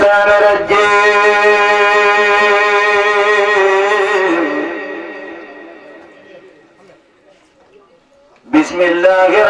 الشيطان الرجيم بسم الله الرحمن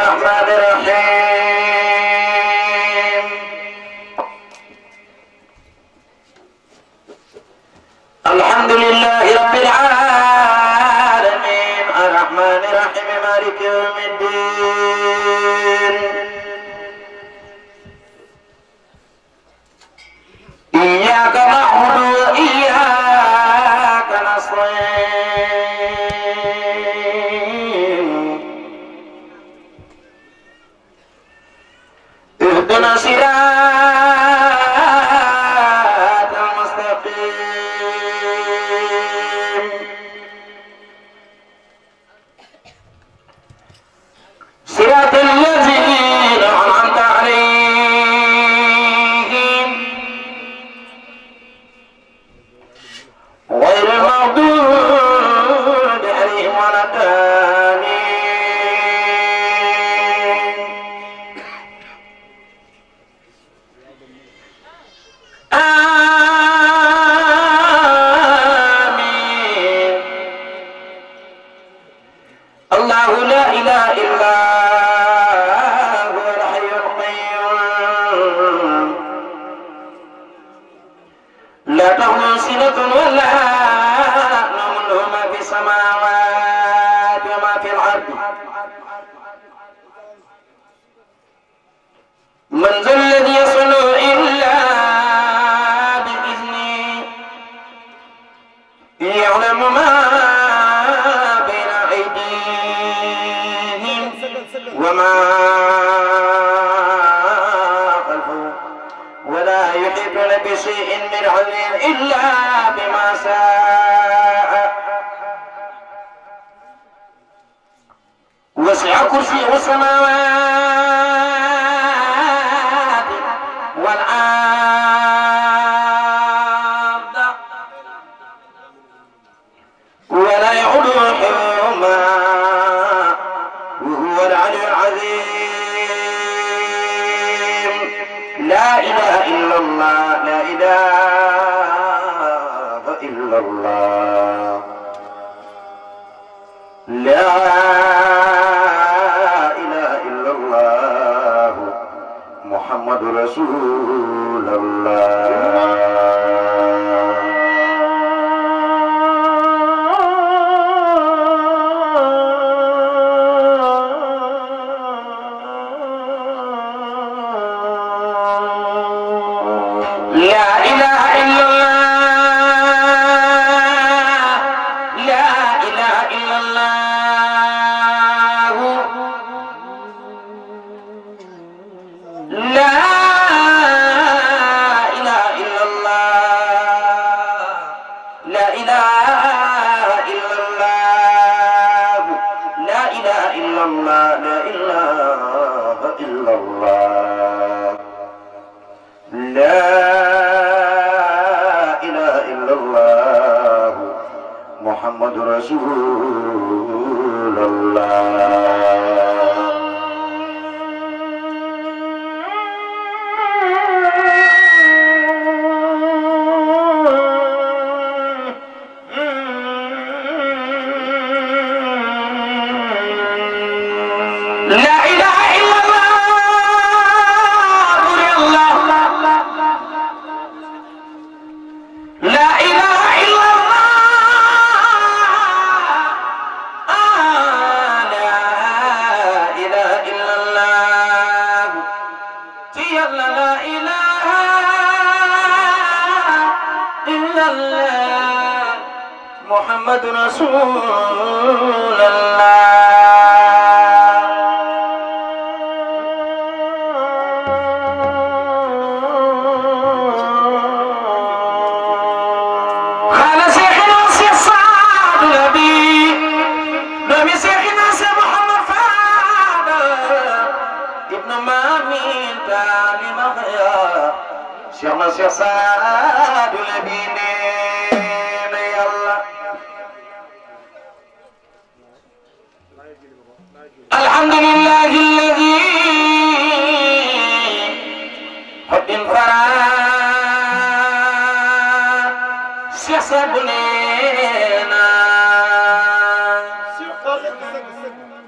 يشاء وسع كرسيه السماوات azul. محمد رسول الله Classic.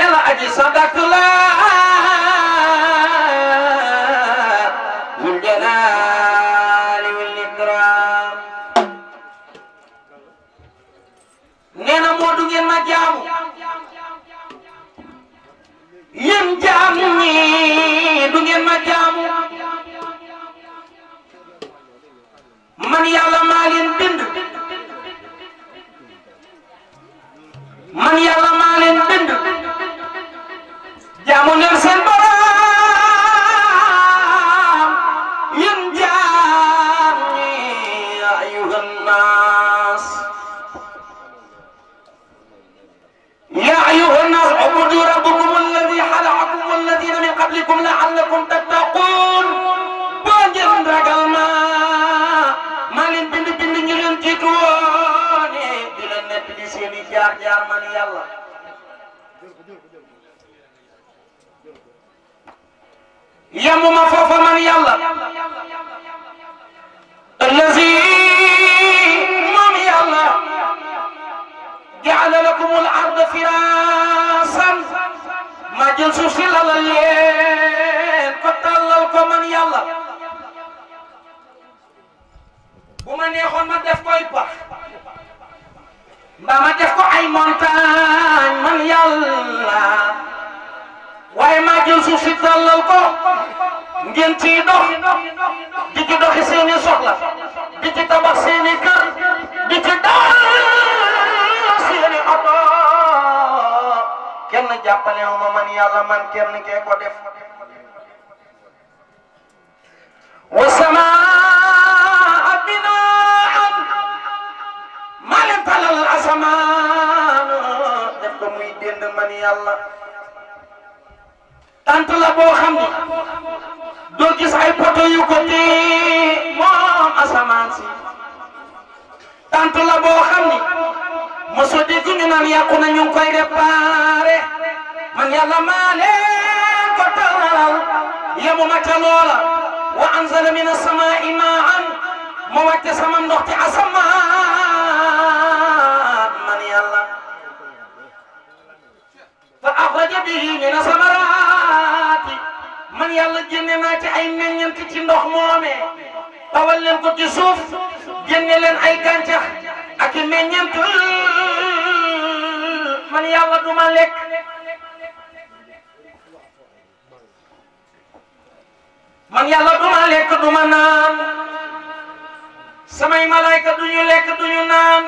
yàlla aji sadaq la zul jalaali wal ikraam nee na moo du ngeen ma jaamu yéen jaam ñi du ngeen ma jaamu man yàlla maa leen bind man yàlla yamuma foofa man yàlla allazi moom yàlla jaala lakum al arda firaasan ma jël suuf si lalal leen ko tàllal ko man yàlla bu ma neexoon ma def koy bax mbaa ma def ko ay montagne man yàlla waaye maa jël suuf si tàllal ko ngeen ciy dox di ci doxi seeni soxla di ci tabax seeni kër di ci dawal seeni oto kenn jàppale ma man yàlla man kenn kee ko def wasamaa binaan maa leen talal asamaan def ko muy dénd man yàlla tant la boo xam ne doo gis ay poto yu ko téye moom asamaan si tant la boo xam ne mosoo dégg ñu naan man yàlla maa leen ko wa anzala min as-samaa'i maa'an ma wàcce sama ndox ci fa axraja bihi min man yàlla génne naa ci ay meññeent ci ndox moomee tawal leen ko ci suuf génne leen ay gàncax ak i meññeent man yàlla du ma lekk man ma lekk du ma naan samay malaayka du ñu lekk du ñu naan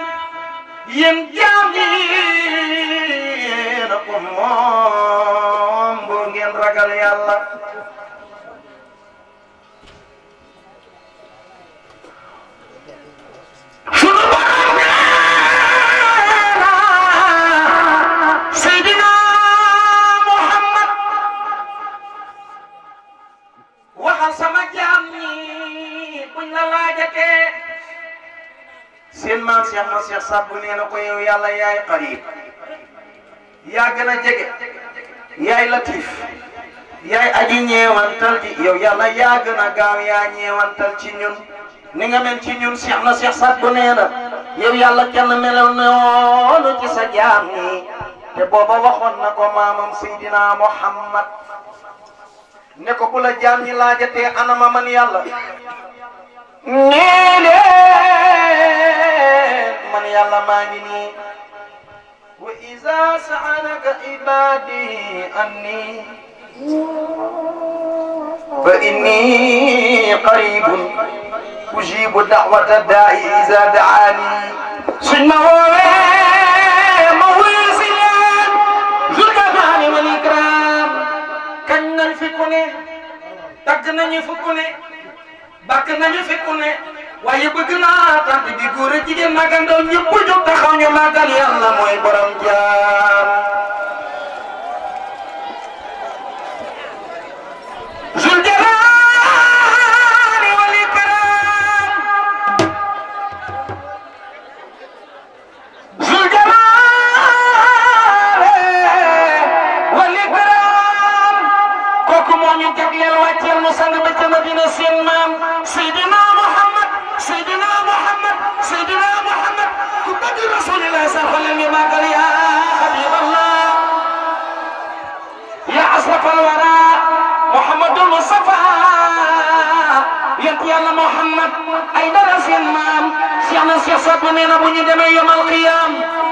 yéen jaam yi da ko ragal yàlla seen maam Cheikh ma Cheikh Saad Bou nee na ko yow yàlla yaay xarib yaa gën a jege yaay latif yaay aji ñeewantal ji yow yàlla yaa gën a gaaw yaa ñeewantal ci ñun ni nga mel ci ñun seex na seex sax bu nee na yow yàlla kenn melal noonu sa jaam te booba waxoon na ko maamam Seydina Muhammad ne ko bu la jaam ñi anama man yàlla nee leen man yàlla maa ngi nii wa iza sa'alaka ibadi anni فإني قريب أجيب دعوة الداعي إذا دعاني سنة موسيا ذو الكمال والإكرام كن الفكوني تجن الفكوني بك الفكوني waaye bëgg naa tant bi góor a jigéen nag ndaw ñëpp jóg taxaw ñu màggal yàlla mooy borom jaam sunu sang ba ca Madina seen maam Seydina Muhammad Seydina Muhammad Seydina Muhammad ku bëgg rasulillah sa xolal ñu màggal ya habiballah ya asrafal wara Muhammadul Mustafa yent yàlla Muhammad ay dara seen maam Cheikh na Cheikh Sadbu nee na bu ñu demee yomal qiyam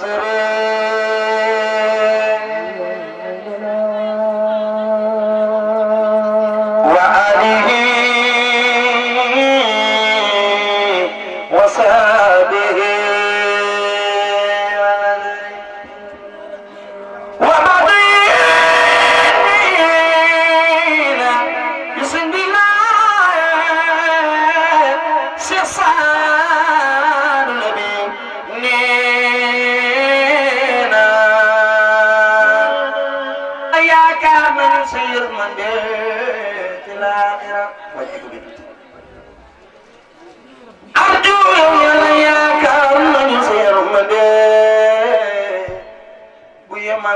serena. في الآخرة ويعيذ بالله أرجو يوما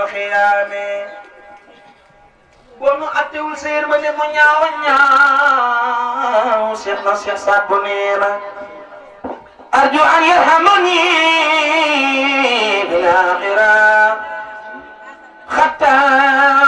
hatta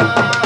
Thank you.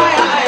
呀！哎